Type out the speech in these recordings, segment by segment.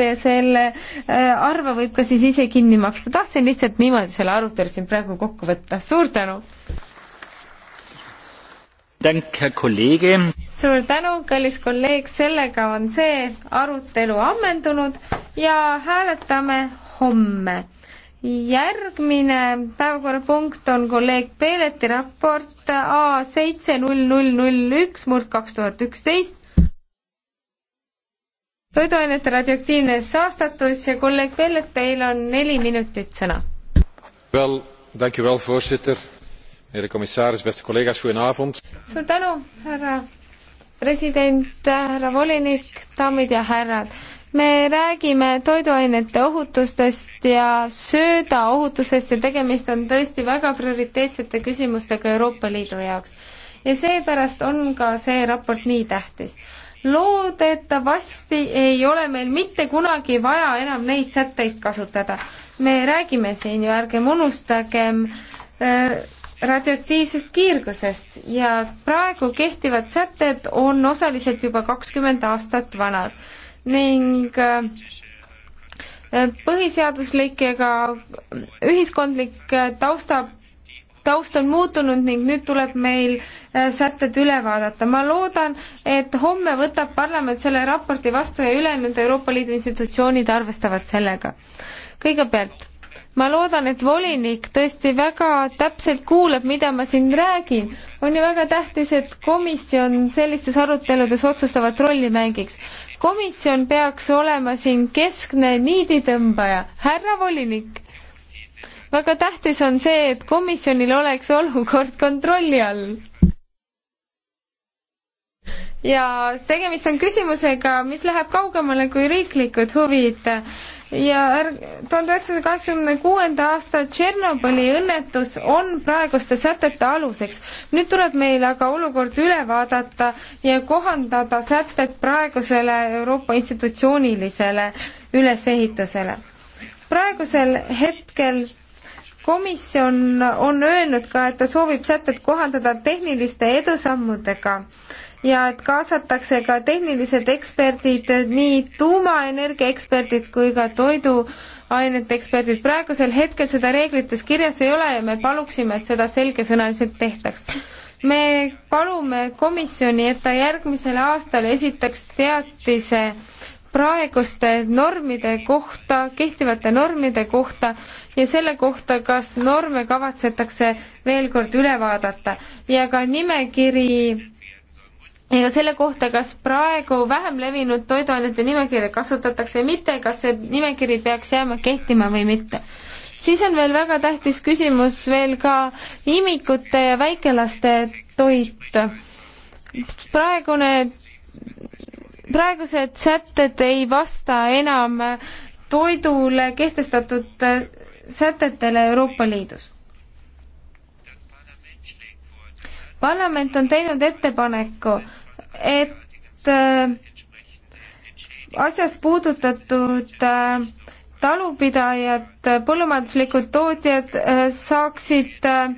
kohta ja selle äh, arve võib ka siis ise kinni maksta. tahtsin lihtsalt niimoodi selle arutelu siin praegu kokku võtta. suur tänu! suur tänu, kallis kolleeg, sellega on see arutelu ammendunud ja hääletame homme järgmine päevakorrapunkt on kolleeg Peeleti raport A seitse null null null üks murd kaks tuhat üksteist toiduainete radioaktiivne saastatus ja kolleeg Vellet, teil on neli minutit sõna. Well, thank you well, voorzitter. Meneer de commissaris, beste collega's, goedenavond. suur tänu, härra president, härra volinik, daamid ja härrad. me räägime toiduainete ohutustest ja sööda ohutusest ja tegemist on tõesti väga prioriteetsete küsimustega Euroopa Liidu jaoks. ja seepärast on ka see raport nii tähtis loodetavasti ei ole meil mitte kunagi vaja enam neid sätteid kasutada. me räägime siin ju, ärgem unustagem äh, radioaktiivsest kiirgusest ja praegu kehtivad sätted on osaliselt juba kakskümmend aastat vanad ning äh, põhiseaduslik ega ühiskondlik äh, tausta taust on muutunud ning nüüd tuleb meil äh, sätted üle vaadata. ma loodan, et homme võtab parlament selle raporti vastu ja ülejäänud Euroopa Liidu institutsioonid arvestavad sellega. kõigepealt, ma loodan, et volinik tõesti väga täpselt kuulab, mida ma siin räägin. on ju väga tähtis, et komisjon sellistes aruteludes otsustavat rolli mängiks komisjon peaks olema siin keskne niiditõmbaja. härra volinik, väga tähtis on see, et komisjonil oleks olukord kontrolli all. ja tegemist on küsimusega, mis läheb kaugemale kui riiklikud huvid ja tuhande üheksasaja kaheksakümne kuuenda aasta Tšernobõli õnnetus on praeguste sätete aluseks. nüüd tuleb meil aga olukord üle vaadata ja kohandada sätted praegusele Euroopa institutsioonilisele ülesehitusele. praegusel hetkel komisjon on öelnud ka, et ta soovib sätet kohandada tehniliste edusammudega ja et kaasatakse ka tehnilised eksperdid, nii tuumaenergia eksperdid kui ka toiduainete eksperdid. praegusel hetkel seda reeglites kirjas ei ole ja me paluksime, et seda selgesõnaliselt tehtaks. me palume komisjoni, et ta järgmisel aastal esitaks teatise praeguste normide kohta, kehtivate normide kohta ja selle kohta, kas norme kavatsetakse veel kord üle vaadata ja ka nimekiri ja ka selle kohta, kas praegu vähem levinud toiduainete nimekirja kasutatakse või mitte, kas see nimekiri peaks jääma kehtima või mitte siis on veel väga tähtis küsimus veel ka imikute ja väikelaste toit. praegune praegused sätted ei vasta enam toidule kehtestatud äh, sätetele Euroopa Liidus. parlament on teinud ettepaneku, et äh, asjast puudutatud äh, talupidajad, põllumajanduslikud tootjad saaksid äh,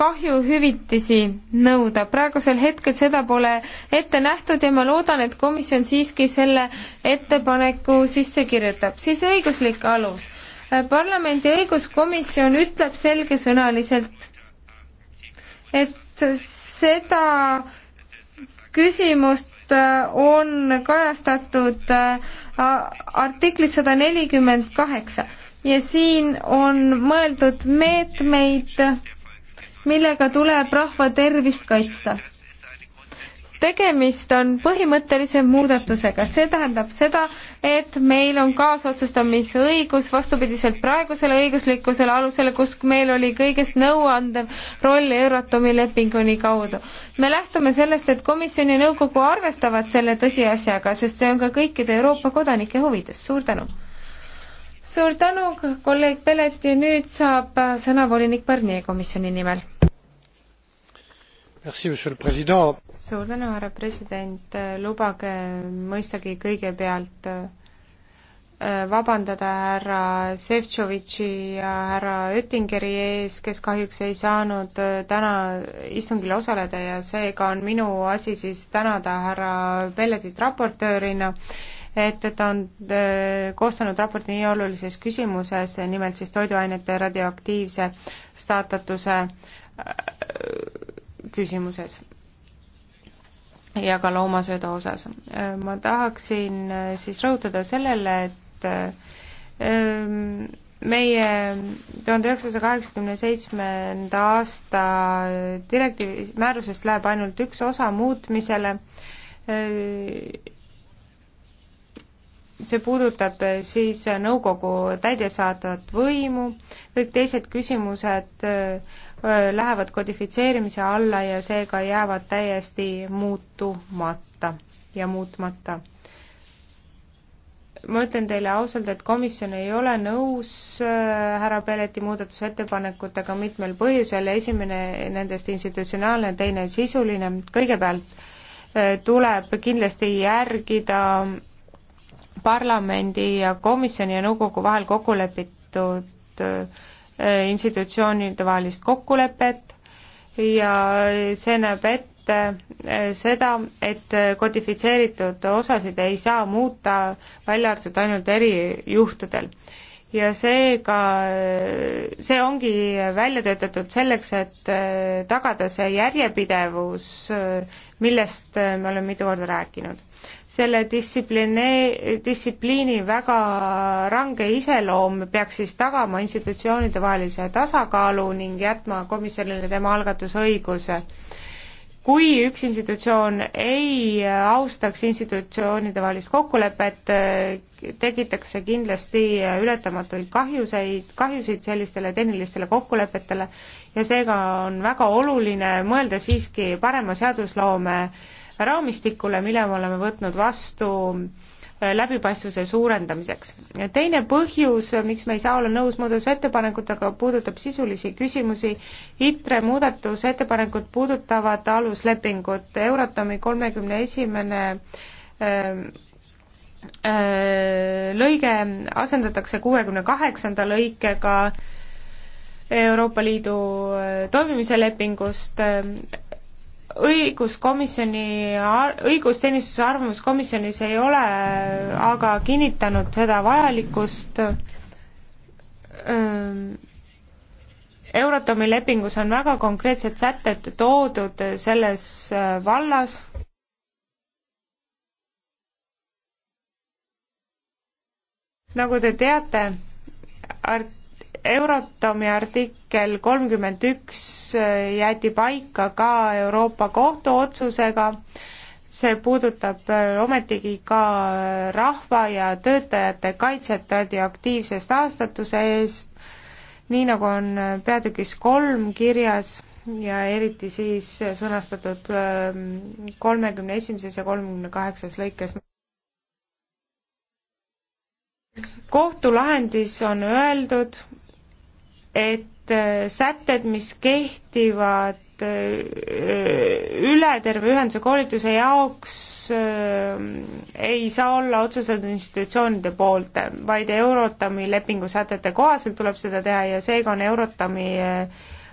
kahjuhüvitisi nõuda. praegusel hetkel seda pole ette nähtud ja ma loodan, et komisjon siiski selle ettepaneku sisse kirjutab. siis õiguslik alus. parlamendi õiguskomisjon ütleb selgesõnaliselt, et seda küsimust on kajastatud äh, artiklis sada nelikümmend kaheksa ja siin on mõeldud meetmeid, millega tuleb rahva tervist kaitsta. tegemist on põhimõttelise muudatusega, see tähendab seda, et meil on kaasotsustamisõigus vastupidiselt praegusele õiguslikkusele alusele, kus meil oli kõigest nõuandev roll Euratomi lepinguni kaudu. me lähtume sellest, et komisjon ja nõukogu arvestavad selle tõsiasjaga, sest see on ka kõikide Euroopa kodanike huvides, suur tänu! suur tänu, kolleeg Pelet ja nüüd saab sõna volinik Barnier komisjoni nimel. suur tänu, härra president, lubage mõistagi kõigepealt äh, vabandada härra Šefčovitši ja härra Oettingeri ees, kes kahjuks ei saanud äh, täna istungil osaleda ja seega on minu asi siis tänada härra Pelletit raportöörina et ta on äh, koostanud raporti nii olulises küsimuses, nimelt siis toiduainete radioaktiivse staatatuse äh, küsimuses ja ka loomasööda osas. Äh, ma tahaksin siis rõhutada sellele, et meie tuhande üheksasaja kaheksakümne seitsmenda aasta direktiivi määrusest läheb ainult üks osa muutmisele see puudutab eh, siis eh, nõukogu täidesaatvat võimu, kõik teised küsimused eh, lähevad kodifitseerimise alla ja seega jäävad täiesti muutumata ja muutmata. ma ütlen teile ausalt, et komisjon ei ole nõus härra Pelleti muudatusettepanekutega mitmel põhjusel, esimene nendest institutsionaalne, teine sisuline, kõigepealt tuleb kindlasti järgida parlamendi ja komisjoni ja nõukogu vahel kokku lepitud äh, institutsioonide vahelist kokkulepet ja see näeb ette äh, seda, et kodifitseeritud osasid ei saa muuta, välja arvatud ainult erijuhtudel ja seega see ongi välja töötatud selleks, et äh, tagada see järjepidevus, äh, millest äh, me oleme mitu korda rääkinud. selle distsipliine, distsipliini väga range iseloom peaks siis tagama institutsioonide vahelise tasakaalu ning jätma komisjonile tema algatusõiguse kui üks institutsioon ei austaks institutsioonide vahelist kokkulepet, tekitakse kindlasti ületamatuid kahjuseid, kahjusid sellistele tehnilistele kokkulepetele ja seega on väga oluline mõelda siiski parema seadusloome raamistikule, mille me oleme võtnud vastu läbipaistvuse suurendamiseks. teine põhjus, miks me ei saa olla nõus muudatusettepanekutega, puudutab sisulisi küsimusi. ITRE muudatusettepanekud puudutavad aluslepingut. Euratomi kolmekümne esimene äh, äh, lõige asendatakse kuuekümne kaheksanda lõikega Euroopa Liidu äh, toimimise lepingust õiguskomisjoni, õigusteenistuse arvamus komisjonis ei ole aga kinnitanud seda vajalikkust. Euratomi lepingus on väga konkreetsed sätted toodud selles vallas. nagu te teate, art-, Euratomi artikkel kolmkümmend üks jäeti paika ka Euroopa Kohtu otsusega, see puudutab ometigi ka rahva ja töötajate kaitset radioaktiivsest aastatuse eest, nii nagu on peatükis kolm kirjas ja eriti siis sõnastatud ähm, kolmekümne esimeses ja kolmekümne kaheksas lõikes. kohtulahendis on öeldud, et äh, sätted, mis kehtivad äh, üle terve ühenduse koolituse jaoks äh, ei saa olla otsused institutsioonide poolt, vaid Eurotami lepingu sätete kohaselt tuleb seda teha ja seega on Eurotami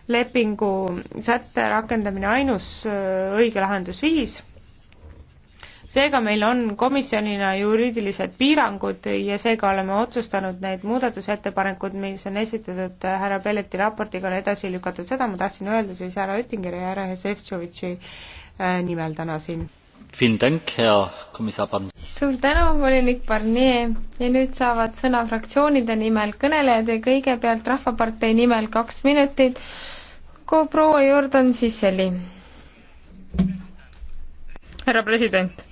lepingu sätte rakendamine ainus õige lahendusviis seega meil on komisjonina juriidilised piirangud ja seega oleme otsustanud need muudatusettepanekud, mis on esitatud härra Pelleti raportiga, on edasi lükatud, seda ma tahtsin öelda siis härra Oettingeri ja härra Šefčovitši äh, nimel täna siin. suur tänu, volinik Barnier ja nüüd saavad sõna fraktsioonide nimel kõnelejad ja kõigepealt Rahvapartei nimel kaks minutit, proua Jordan Sisseli härra president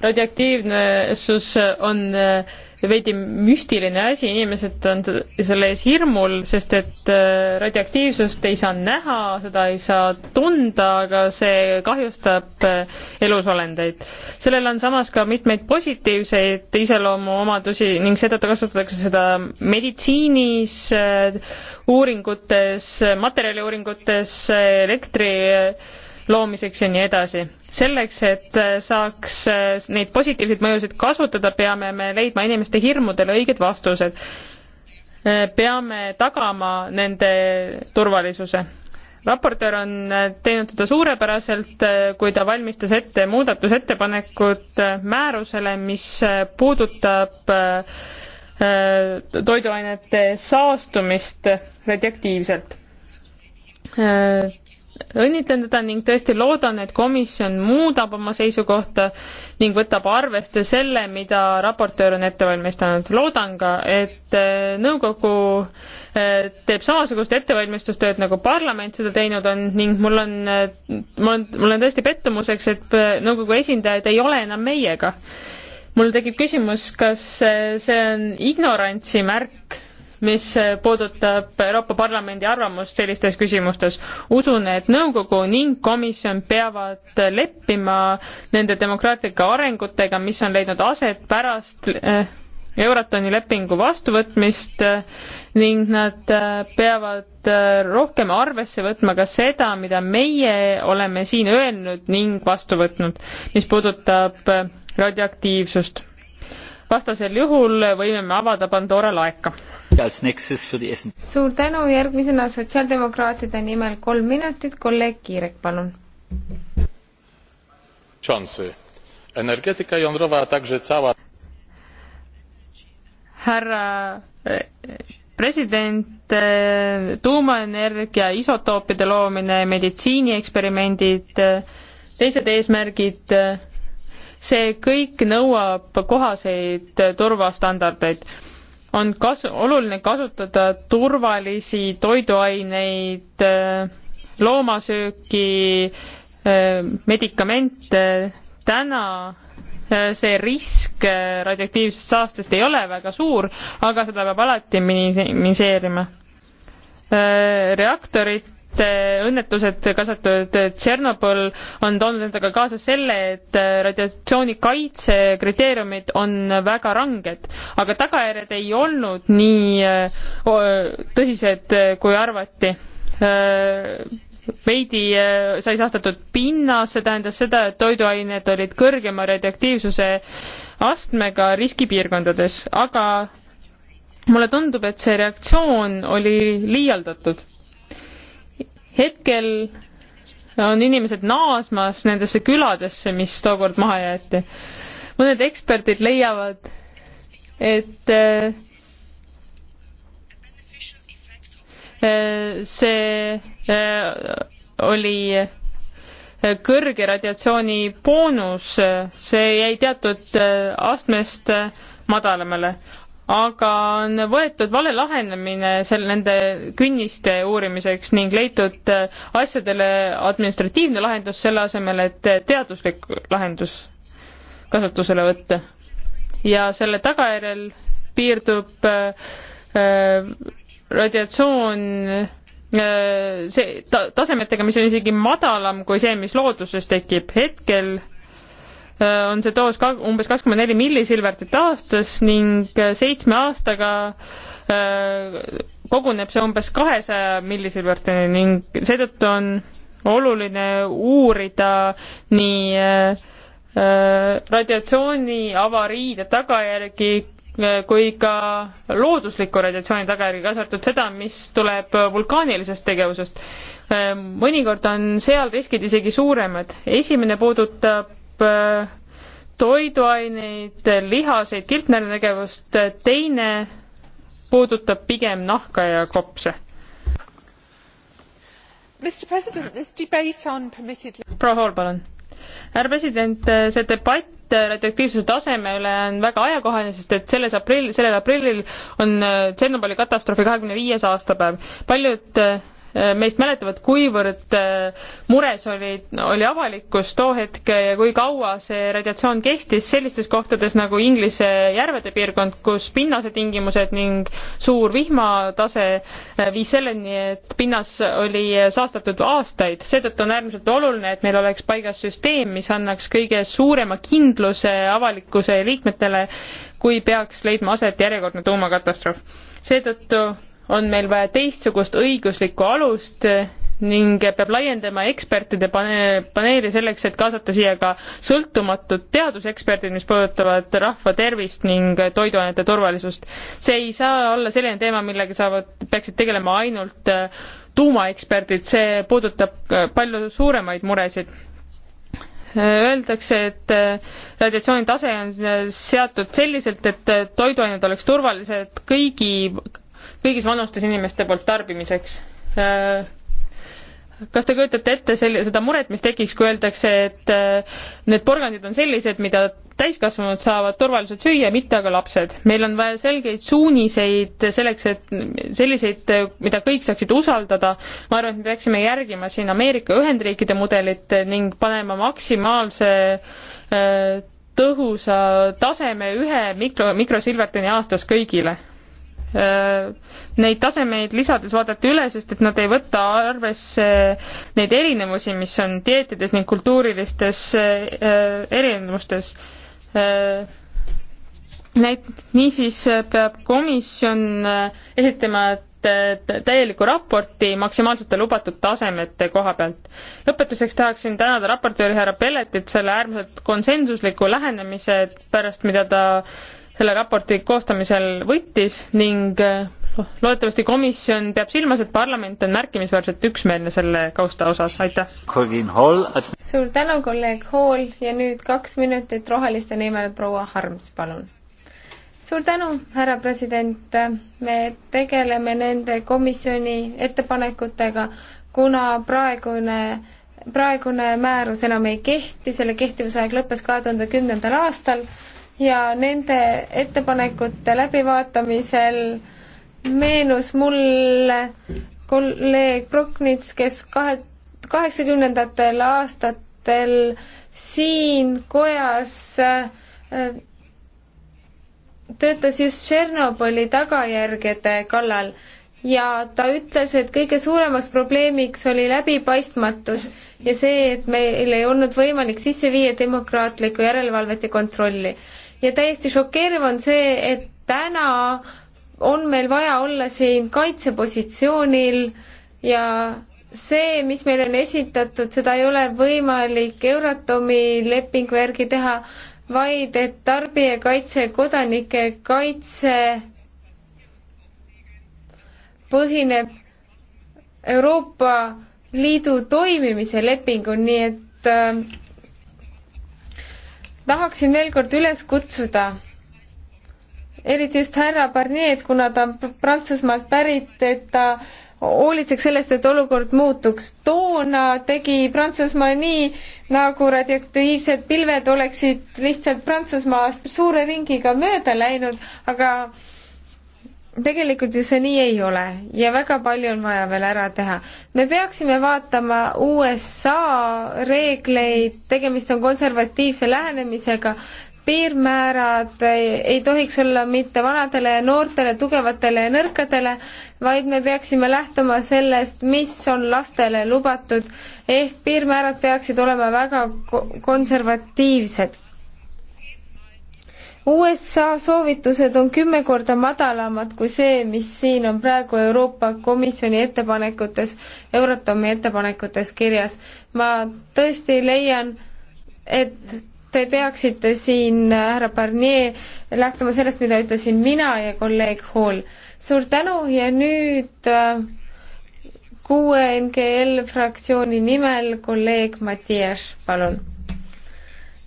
radioaktiivsus on eh, veidi müstiline asi, inimesed on selle ees hirmul, sest et eh, radioaktiivsust ei saa näha, seda ei saa tunda, aga see kahjustab eh, elusolendeid. sellel on samas ka mitmeid positiivseid iseloomuomadusi ning seetõttu kasutatakse seda meditsiinis, uuringutes, materjaliuuringutes, elektri loomiseks ja nii edasi. selleks, et äh, saaks äh, neid positiivseid mõjusid kasutada, peame me leidma inimeste hirmudele õiged vastused. Äh, peame tagama nende turvalisuse raportöör on teinud seda suurepäraselt, kui ta valmistas ette muudatusettepanekud määrusele, mis puudutab toiduainete saastumist radioaktiivselt õnnitlen teda ning tõesti loodan, et komisjon muudab oma seisukohta ning võtab arvesse selle, mida raportöör on ette valmistanud. loodan ka, et äh, nõukogu äh, teeb samasugust ettevalmistustööd, nagu parlament seda teinud on ning mul on, äh, mul on, mul on tõesti pettumuseks, et nõukogu esindajad ei ole enam meiega. mul tekib küsimus, kas see on ignorantsi märk mis puudutab Euroopa Parlamendi arvamust sellistes küsimustes. usun, et nõukogu ning komisjon peavad leppima nende demokraatlike arengutega, mis on leidnud aset pärast eh, Euratoni lepingu vastuvõtmist eh, ning nad eh, peavad rohkem arvesse võtma ka seda, mida meie oleme siin öelnud ning vastu võtnud, mis puudutab radioaktiivsust vastasel juhul võime me avada Pandora laeka. suur tänu, järgmisena sotsiaaldemokraatide nimel kolm minutit, kolleeg Kiirek, palun. energeetika jądrowa, a także cała härra eh, president, eh, tuumaenergia isotoopide loomine, meditsiinieksperimendid, eh, teised eesmärgid see kõik nõuab kohaseid turvastandardeid. on kas-, oluline kasutada turvalisi toiduaineid, loomasööki, medikamente, täna äh, see risk äh, radioaktiivsest saastest ei ole väga suur, aga seda peab alati minimiseerima. Äh, reaktorid et äh, õnnetused, kaasa arvatud Tšernobõl, on toonud endaga kaasa selle, et äh, radiatsiooni kaitse kriteeriumid on väga ranged, aga tagajärjed ei olnud nii äh, tõsised, kui arvati veidi sai saastatud pinnas, see tähendas seda, et toiduained olid kõrgema radioaktiivsuse astmega riskipiirkondades, aga mulle tundub, et see reaktsioon oli liialdatud hetkel on inimesed naasmas nendesse küladesse, mis tookord maha jäeti. mõned eksperdid leiavad, et äh, see äh, oli äh, kõrge radiatsiooni boonus, see jäi teatud astmest madalamale aga on võetud vale lahendamine seal nende künniste uurimiseks ning leitud äh, asjadele administratiivne lahendus selle asemel, et äh, teaduslik lahendus kasutusele võtta. ja selle tagajärjel piirdub äh, äh, radiatsioon äh, see ta, tasemetega, mis on isegi madalam kui see, mis looduses tekib. hetkel Äh, on see doos ka umbes kakskümmend neli millisilvertit aastas ning äh, seitsme aastaga äh, koguneb see umbes kahesaja millisilvertini ning seetõttu on oluline uurida nii radiatsiooni avariide tagajärgi kui ka loodusliku radiatsiooni tagajärgi, kaasa arvatud seda, mis tuleb vulkaanilisest tegevusest. mõnikord on seal riskid isegi suuremad. esimene puudutab Äh, toiduaineid, lihaseid, kilpnäärtegevust, teine puudutab pigem nahka ja kopse. proua Hall, palun. härra president, äh, see debatt äh, radioaktiivsuse taseme üle on väga ajakohane, sest et selles aprill, sellel aprillil on Tšernobõli katastroofi kahekümne viies aastapäev. paljud Äh, meist mäletavad, kuivõrd äh, mures oli, oli avalikkus too hetk ja kui kaua see radiatsioon kestis sellistes kohtades nagu Inglise järvede piirkond, kus pinnase tingimused ning suur vihmatase äh, viis selleni, et pinnas oli saastatud aastaid. seetõttu on äärmiselt oluline, et meil oleks paigas süsteem, mis annaks kõige suurema kindluse avalikkuse liikmetele, kui peaks leidma aset järjekordne tuumakatastroof. seetõttu on meil vaja teistsugust õiguslikku alust ning peab laiendama ekspertide pane-, paneeli selleks, et kaasata siia ka sõltumatud teaduseksperdid, mis puudutavad rahva tervist ning toiduainete turvalisust. see ei saa olla selline teema, millega saavad, peaksid tegelema ainult äh, tuumaeksperdid, see puudutab äh, palju suuremaid muresid äh, öeldakse, et radiatsiooni tase on seatud selliselt, et toiduained oleks turvalised kõigi kõigis vanustes inimeste poolt tarbimiseks. Äh, kas te kujutate ette selle, seda muret, mis tekiks, kui öeldakse, et äh, need porgandid on sellised, mida täiskasvanud saavad turvaliselt süüa, mitte aga lapsed. meil on vaja selgeid suuniseid selleks, et selliseid, mida kõik saaksid usaldada. ma arvan, et me peaksime järgima siin Ameerika Ühendriikide mudelit ning panema maksimaalse äh, tõhusa taseme ühe mikro, mikrosilvertoni aastas kõigile Äh, neid tasemeid lisades vaadati üle, sest et nad ei võta arvesse neid erinevusi, mis on dieetides ning kultuurilistes äh, erinevustes. Äh, näit-, niisiis peab komisjon esitama täieliku raporti maksimaalsete lubatud tasemete koha pealt. lõpetuseks tahaksin tänada raportööri härra Pelletit selle äärmiselt konsensusliku lähenemise pärast, mida ta äh, selle raporti koostamisel võttis ning äh, loodetavasti komisjon peab silmas, et parlament on märkimisväärselt üksmeelne selle kausta osas, aitäh! suur tänu, kolleeg Hall ja nüüd kaks minutit roheliste nimel proua Harms, palun! suur tänu, härra president, me tegeleme nende komisjoni ettepanekutega, kuna praegune praegune määrus enam ei kehti, selle kehtivusaeg lõppes kahe tuhande kümnendal aastal ja nende ettepanekute läbivaatamisel meenus mulle kolleeg Bruknits, kes kahe, kaheksakümnendatel aastatel siin kojas äh, töötas just Tšernobõli tagajärgede kallal ja ta ütles, et kõige suuremaks probleemiks oli läbipaistmatus ja see, et meil ei olnud võimalik sisse viia demokraatlikku järelevalvet ja kontrolli ja täiesti šokeeriv on see, et täna on meil vaja olla siin kaitsepositsioonil ja see, mis meile on esitatud, seda ei ole võimalik Euratomi lepingu järgi teha, vaid et tarbijakaitse, kodanike kaitse põhineb Euroopa Liidu toimimise lepingul, nii et äh, tahaksin veel kord üles kutsuda eriti just härra Barnier'd, kuna ta on Prantsusmaalt pärit, et ta hoolitseks sellest, et olukord muutuks. toona tegi Prantsusmaa nii, nagu radioaktiivsed pilved oleksid lihtsalt Prantsusmaast suure ringiga mööda läinud, aga tegelikult ju see nii ei ole ja väga palju on vaja veel ära teha. me peaksime vaatama USA reegleid, tegemist on konservatiivse lähenemisega, piirmäärad ei tohiks olla mitte vanadele ja noortele, tugevatele ja nõrkadele, vaid me peaksime lähtuma sellest, mis on lastele lubatud, ehk piirmäärad peaksid olema väga konservatiivsed USA soovitused on kümme korda madalamad kui see, mis siin on praegu Euroopa Komisjoni ettepanekutes, Euratomi ettepanekutes kirjas. ma tõesti leian, et te peaksite siin, härra Barnier, lähtuma sellest, mida ütlesin mina ja kolleeg Hall. suur tänu ja nüüd äh, kuue NGL fraktsiooni nimel kolleeg Mattias, palun.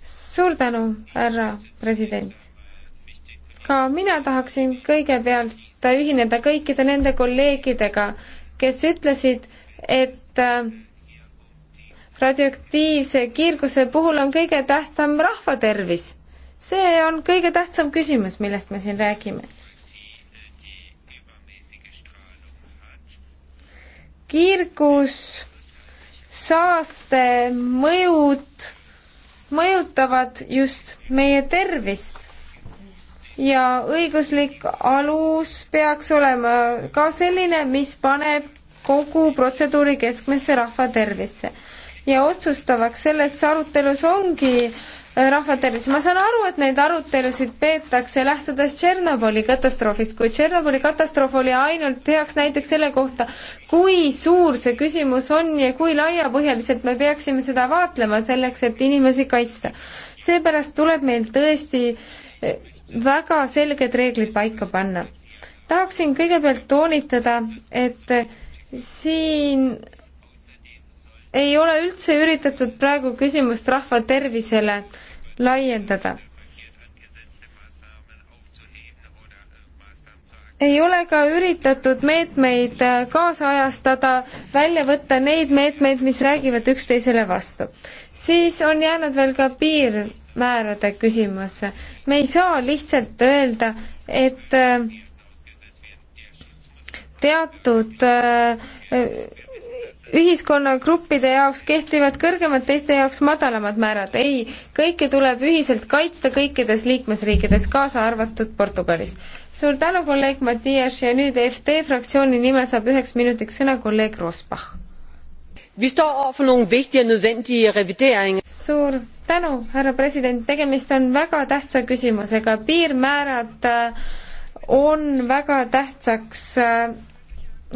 suur tänu, härra president ka mina tahaksin kõigepealt ühineda kõikide nende kolleegidega, kes ütlesid, et äh, radioaktiivse kiirguse puhul on kõige tähtsam rahva tervis. see on kõige tähtsam küsimus, millest me siin räägime kiirgus, saaste mõjud mõjutavad just meie tervist ja õiguslik alus peaks olema ka selline, mis paneb kogu protseduuri keskmesse rahva tervisse. ja otsustavaks selles arutelus ongi äh, rahva tervis, ma saan aru, et neid arutelusid peetakse lähtudes Tšernobõli katastroofist, kuid Tšernobõli katastroof oli ainult heaks näiteks selle kohta, kui suur see küsimus on ja kui laiapõhjaliselt me peaksime seda vaatlema selleks, et inimesi kaitsta. seepärast tuleb meil tõesti väga selged reeglid paika panna. tahaksin kõigepealt toonitada, et siin ei ole üldse üritatud praegu küsimust rahva tervisele laiendada. ei ole ka üritatud meetmeid kaasajastada, välja võtta neid meetmeid, mis räägivad üksteisele vastu. siis on jäänud veel ka piir määrade küsimus. me ei saa lihtsalt öelda, et äh, teatud äh, ühiskonnagruppide jaoks kehtivad kõrgemad, teiste jaoks madalamad määrad. ei, kõike tuleb ühiselt kaitsta kõikides liikmesriikides, kaasa arvatud Portugalis. suur tänu, kolleeg Mattias ja nüüd FD fraktsiooni nimel saab üheks minutiks sõna kolleeg Rosbach suur tänu, härra president, tegemist on väga tähtsa küsimusega, piirmäärad äh, on väga tähtsaks äh,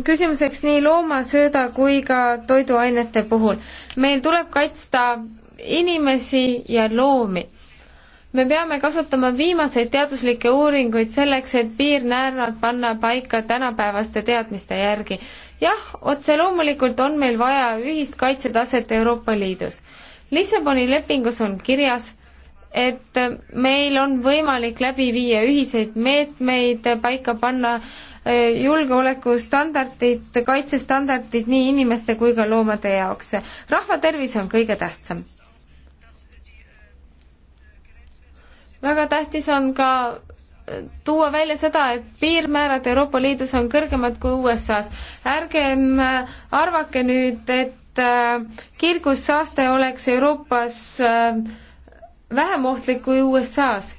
küsimuseks nii loomasööda kui ka toiduainete puhul. meil tuleb kaitsta inimesi ja loomi me peame kasutama viimaseid teaduslikke uuringuid selleks, et piirmäärad panna paika tänapäevaste teadmiste järgi. jah, otse loomulikult on meil vaja ühist kaitsetaset Euroopa Liidus. Lissaboni lepingus on kirjas, et meil on võimalik läbi viia ühiseid meetmeid, paika panna äh, julgeolekustandardid, kaitsestandardid nii inimeste kui ka loomade jaoks. rahvatervis on kõige tähtsam väga tähtis on ka äh, tuua välja seda, et piirmäärad Euroopa Liidus on kõrgemad kui USA-s. ärgem äh, arvake nüüd, et äh, kiirgussaaste oleks Euroopas vähem ohtlik kui USA-s.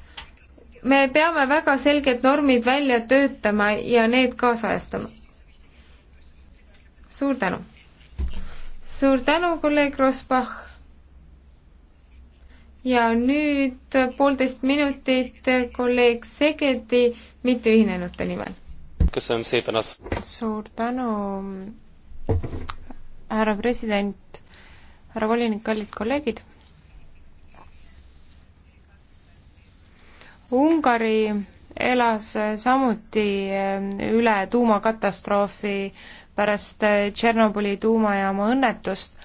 me peame väga selged normid välja töötama ja need kaasajastama. suur tänu! suur tänu, kolleeg Rosbach! ja nüüd poolteist minutit kolleeg Segedi mitteühinenute nimel. suur tänu, härra president, härra volinik, kallid kolleegid Ungari elas samuti eh, üle tuumakatastroofi pärast eh, Tšernobõli tuumajaama õnnetust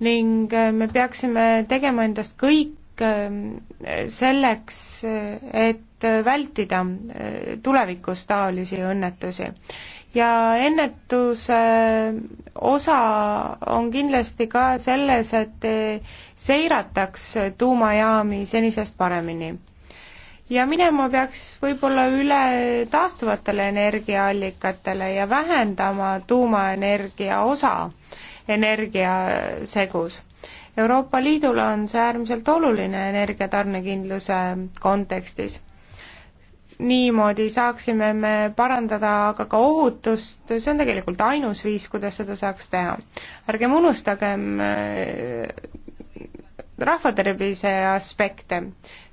ning eh, me peaksime tegema endast kõik Ähm, selleks, et vältida äh, tulevikus taolisi õnnetusi. ja ennetuse äh, osa on kindlasti ka selles, et äh, seirataks tuumajaami senisest paremini ja minema peaks võib-olla üle taastuvatele energiaallikatele ja vähendama tuumaenergia osa energiasegus Euroopa Liidule on see äärmiselt oluline energiatarnekindluse kontekstis. niimoodi saaksime me parandada aga ka ohutust, see on tegelikult ainus viis, kuidas seda saaks teha. ärgem unustagem äh, rahvatervise aspekte.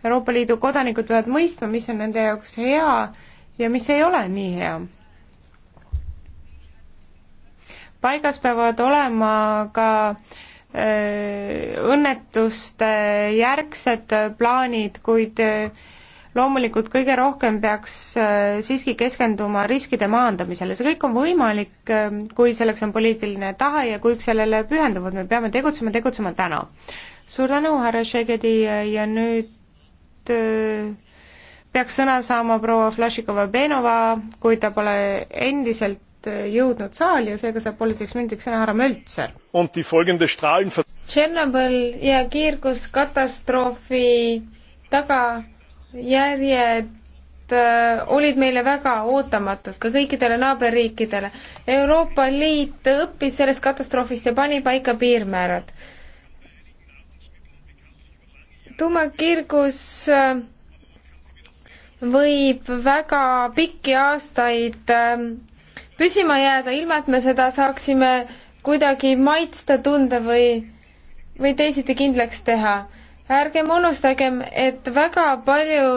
Euroopa Liidu kodanikud peavad mõistma, mis on nende jaoks hea ja mis ei ole nii hea. paigas peavad olema ka äh, Äh, õnnetuste järgsed plaanid, kuid äh, loomulikult kõige rohkem peaks äh, siiski keskenduma riskide maandamisele, see kõik on võimalik, kui selleks on poliitiline tahe ja kui sellele pühenduvad, me peame tegutsema, tegutsema täna. suur tänu, härra Šegedi ja nüüd peaks sõna saama proua Flašikova-Benova, kui ta pole endiselt jõudnud saali ja seega saab pooleteiseks minutiks sõna härra Möltser. Tšernobõl ja kiirguskatastroofi tagajärjed äh, olid meile väga ootamatud, ka kõikidele naaberriikidele. Euroopa Liit õppis sellest katastroofist ja pani paika piirmäärad. tuumakirgus äh, võib väga pikki aastaid äh, püsima jääda, ilma et me seda saaksime kuidagi maitsta, tunda või, või teisiti kindlaks teha. ärgem unustagem, et väga palju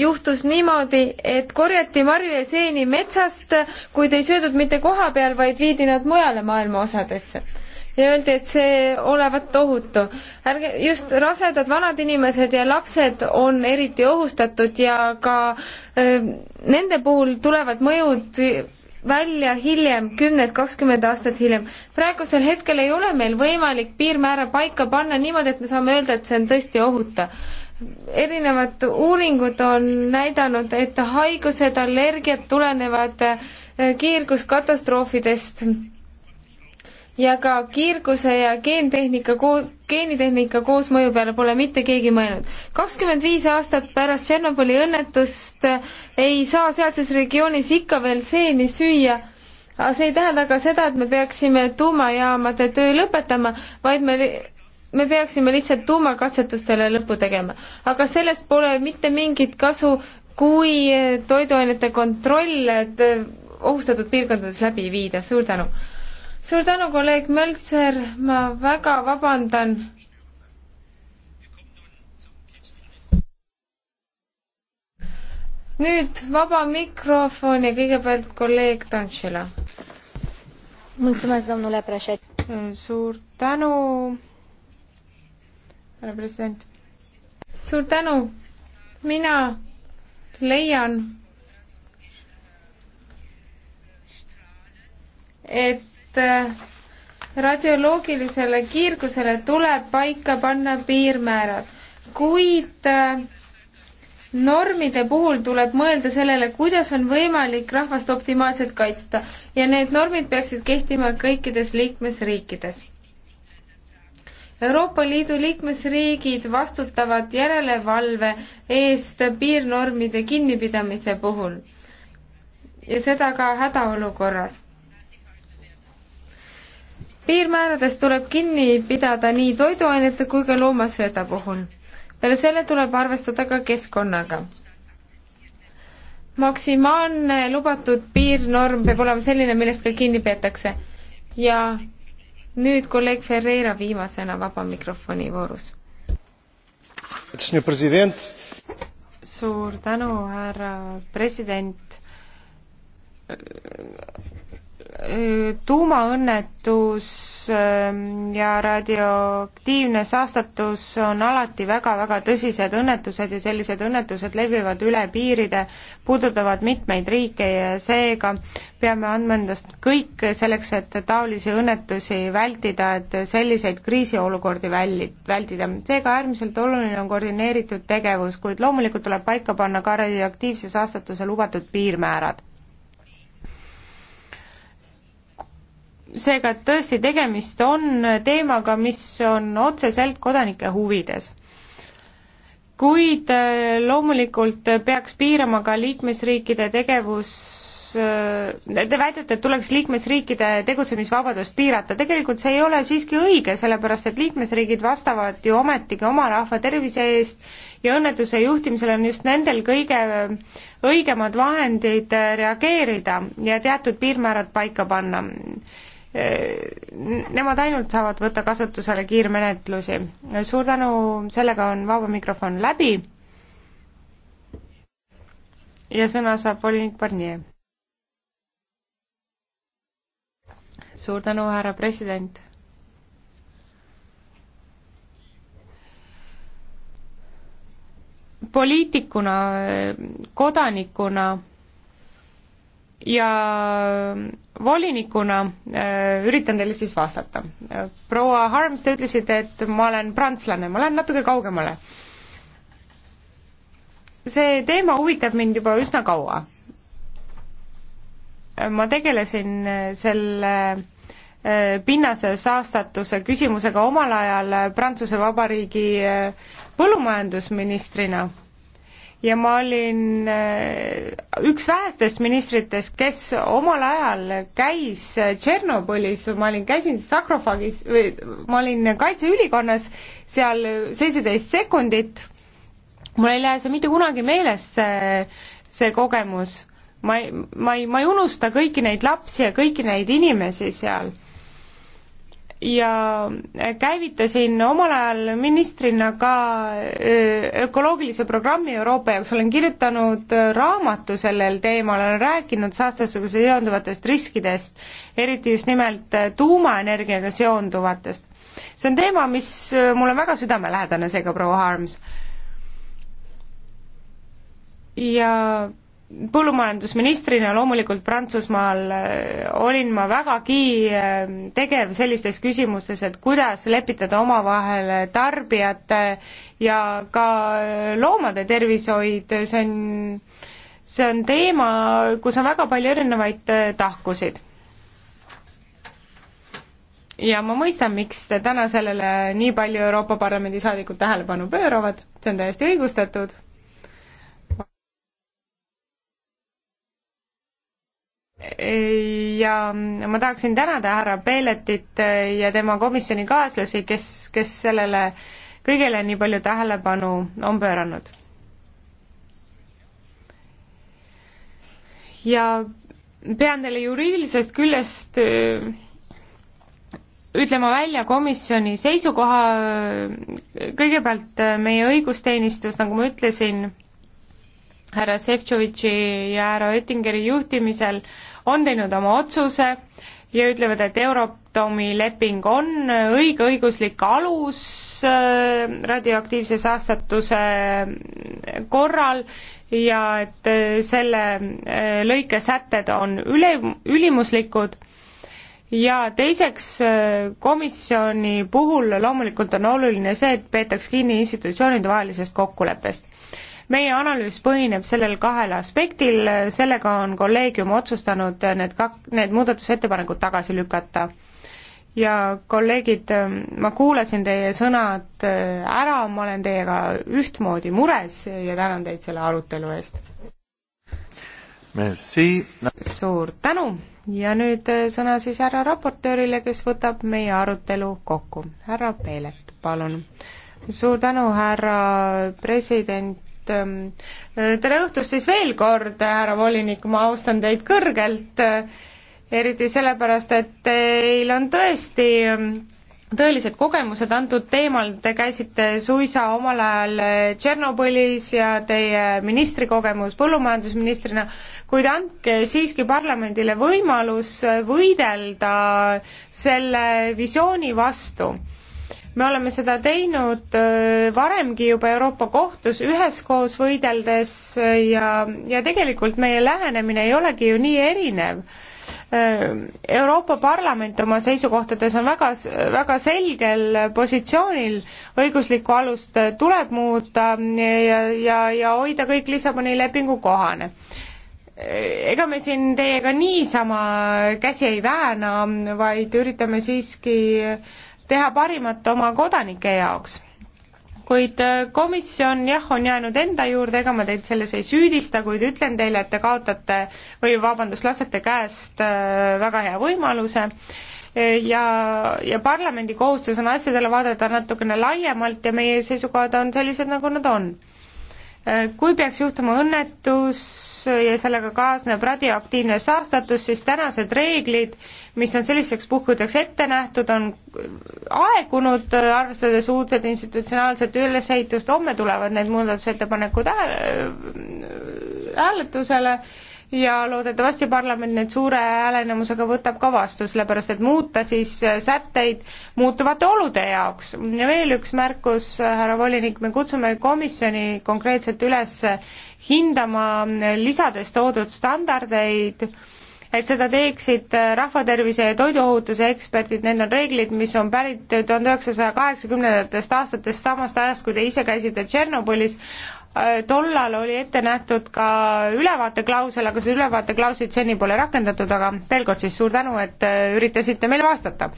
juhtus niimoodi, et korjati marju ja seeni metsast, kuid ei söödud mitte koha peal, vaid viidi nad mujale maailma osadesse. ja öeldi, et see olevat ohutu. ärge, just rasedad vanad inimesed ja lapsed on eriti ohustatud ja ka öö, nende puhul tulevad mõjud välja hiljem, kümned, kakskümmend aastat hiljem. praegusel hetkel ei ole meil võimalik piirmäära paika panna niimoodi, et me saame öelda, et see on tõesti ohuta. erinevad uuringud on näidanud, et haigused, allergiad tulenevad eh, kiirguskatastroofidest ja ka kiirguse ja geentehnika ko-, geenitehnika koosmõju peale pole mitte keegi mõelnud. kakskümmend viis aastat pärast Tšernobõli õnnetust ei saa sealses regioonis ikka veel seeni süüa, aga see ei tähenda ka seda, et me peaksime tuumajaamade töö lõpetama, vaid me me peaksime lihtsalt tuumakatsetustele lõpu tegema, aga sellest pole mitte mingit kasu, kui toiduainete kontroll eh, ohustatud piirkondades läbi viida, suur tänu suur tänu, kolleeg Möltser, ma väga vabandan. nüüd vaba mikrofon ja kõigepealt kolleeg Tantšila. suur tänu, härra president. suur tänu, mina leian, et Äh, radioloogilisele kiirgusele tuleb paika panna piirmäärad, kuid äh, normide puhul tuleb mõelda sellele, kuidas on võimalik rahvast optimaalselt kaitsta ja need normid peaksid kehtima kõikides liikmesriikides. Euroopa Liidu liikmesriigid vastutavad järelevalve eest piirnormide kinnipidamise puhul ja seda ka hädaolukorras piirmääradest tuleb kinni pidada nii toiduainete kui ka loomasööda puhul. peale selle tuleb arvestada ka keskkonnaga. maksimaalne lubatud piirnorm peab olema selline, millest ka kinni peetakse. ja nüüd kolleeg Ferreira viimasena vaba mikrofoni voorus. suur tänu, härra president tuumaõnnetus ähm, ja radioaktiivne saastatus on alati väga-väga tõsised õnnetused ja sellised õnnetused levivad üle piiride, puudutavad mitmeid riike ja seega peame andma endast kõik selleks, et taolisi õnnetusi vältida, et selliseid kriisiolukordi väli, vältida. seega äärmiselt oluline on koordineeritud tegevus, kuid loomulikult tuleb paika panna ka radioaktiivse saastatuse lubatud piirmäärad seega tõesti tegemist on teemaga, mis on otseselt kodanike huvides. kuid äh, loomulikult peaks piirama ka liikmesriikide tegevus äh, te väidate, et tuleks liikmesriikide tegutsemisvabadust piirata, tegelikult see ei ole siiski õige, sellepärast et liikmesriigid vastavad ju ometigi oma rahva tervise eest ja õnnetuse juhtimisel on just nendel kõige õigemad vahendid äh, reageerida ja teatud piirmäärad paika panna nemad ainult saavad võtta kasutusele kiirmenetlusi. suur tänu, sellega on vaba mikrofon läbi. ja sõna saab volinik Barnier. suur tänu, härra president poliitikuna, kodanikuna ja volinikuna äh, üritan teile siis vastata. Äh, proua Harms, te ütlesite, et ma olen prantslane, ma lähen natuke kaugemale. see teema huvitab mind juba üsna kaua. Äh, ma tegelesin selle pinnase saastatuse küsimusega omal ajal Prantsuse Vabariigi põllumajandusministrina ja ma olin äh, üks vähestest ministritest, kes omal ajal käis Tšernobõlis, ma olin, käisin Sakrofaagis või ma olin kaitseülikonnas seal seitseteist sekundit, mul ei lähe see mitte kunagi meelest, see, see kogemus. ma ei, ma ei, ma ei unusta kõiki neid lapsi ja kõiki neid inimesi seal ja käivitasin omal ajal ministrina ka ökoloogilise programmi Euroopa jaoks, olen kirjutanud raamatu sellel teemal, olen rääkinud saastesega seonduvatest riskidest, eriti just nimelt tuumaenergiaga seonduvatest. see on teema, mis mulle väga südamelähedane, seega proua Harms. ja põllumajandusministrina loomulikult Prantsusmaal äh, olin ma vägagi äh, tegev sellistes küsimustes, et kuidas lepitada omavahel tarbijate ja ka äh, loomade tervishoid, see on, see on teema, kus on väga palju erinevaid tahkusid. ja ma mõistan, miks täna sellele nii palju Euroopa Parlamendi saadikud tähelepanu pööravad, see on täiesti õigustatud ja ma tahaksin tänada härra Peeletit ja tema komisjoni kaaslasi, kes, kes sellele kõigele nii palju tähelepanu on pööranud. ja pean teile juriidilisest küljest äh, ütlema välja komisjoni seisukoha, äh, kõigepealt äh, meie õigusteenistus, nagu ma ütlesin, härra Šefčovitši ja härra Oettingeri juhtimisel äh, on teinud oma otsuse ja ütlevad, et Euratomi leping on õige õiguslik alus äh, radioaktiivse saastatuse äh, korral ja et äh, selle lõike sätted on üle, ülimuslikud ja teiseks, komisjoni puhul loomulikult on oluline see, et peetaks kinni institutsioonide vahelisest kokkuleppest meie analüüs põhineb sellel kahel aspektil, sellega on kolleegium otsustanud need kak-, need muudatusettepanekud tagasi lükata. ja kolleegid, ma kuulasin teie sõnad ära, ma olen teiega ühtmoodi mures ja tänan teid selle arutelu eest. Merci. suur tänu ja nüüd sõna siis härra raportöörile, kes võtab meie arutelu kokku. härra Peelet, palun. suur tänu, härra president, Ähm, tere õhtust siis veel kord, härra volinik, ma austan teid kõrgelt, äh, eriti sellepärast, et teil on tõesti ähm, tõelised kogemused antud teemal, te käisite suisa omal ajal äh, Tšernobõlis ja teie ministrikogemus põllumajandusministrina, kuid andke siiski parlamendile võimalus äh, võidelda selle visiooni vastu me oleme seda teinud äh, varemgi juba Euroopa Kohtus üheskoos võideldes äh, ja, ja tegelikult meie lähenemine ei olegi ju nii erinev. Äh, Euroopa Parlament oma seisukohtades on väga, väga selgel positsioonil, õiguslikku alust tuleb muuta ja, ja, ja hoida kõik Lissaboni lepingu kohane ega me siin teiega niisama käsi ei vääna, vaid üritame siiski äh, teha parimat oma kodanike jaoks. kuid äh, komisjon jah, on jäänud enda juurde, ega ma teid selles ei süüdista, kuid ütlen teile, et te kaotate või vabandust, lasete käest äh, väga hea võimaluse ja, ja parlamendi kohustus on asjadele vaadata natukene laiemalt ja meie seisukohad on sellised, nagu nad on kui peaks juhtuma õnnetus ja sellega kaasneb radioaktiivne saastatus, siis tänased reeglid, mis on sellisteks puhkudeks ette nähtud, on aegunud, arvestades uudset institutsionaalset ülesehitust, homme tulevad need muudatusettepanekud hääletusele äl ja loodetavasti parlament need suure häälenemusega võtab ka vastu, sellepärast et muuta siis äh, sätteid muutuvate olude jaoks. ja veel üks märkus, äh, härra volinik, me kutsume komisjoni konkreetselt üles äh, hindama lisades toodud standardeid, et seda teeksid rahvatervise ja toiduohutuse eksperdid, need on reeglid, mis on pärit tuhande üheksasaja kaheksakümnendatest aastatest, samast ajast, kui te ise käisite Tšernobõlis, tollal oli ette nähtud ka ülevaateklausel, aga seda ülevaateklauslit seni pole rakendatud, aga veel kord siis suur tänu, et äh, üritasite meile vastata.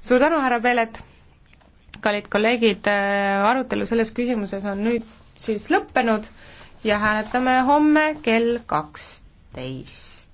suur tänu, härra Peelet, kallid kolleegid, äh, arutelu selles küsimuses on nüüd siis lõppenud ja hääletame homme kell kaksteist.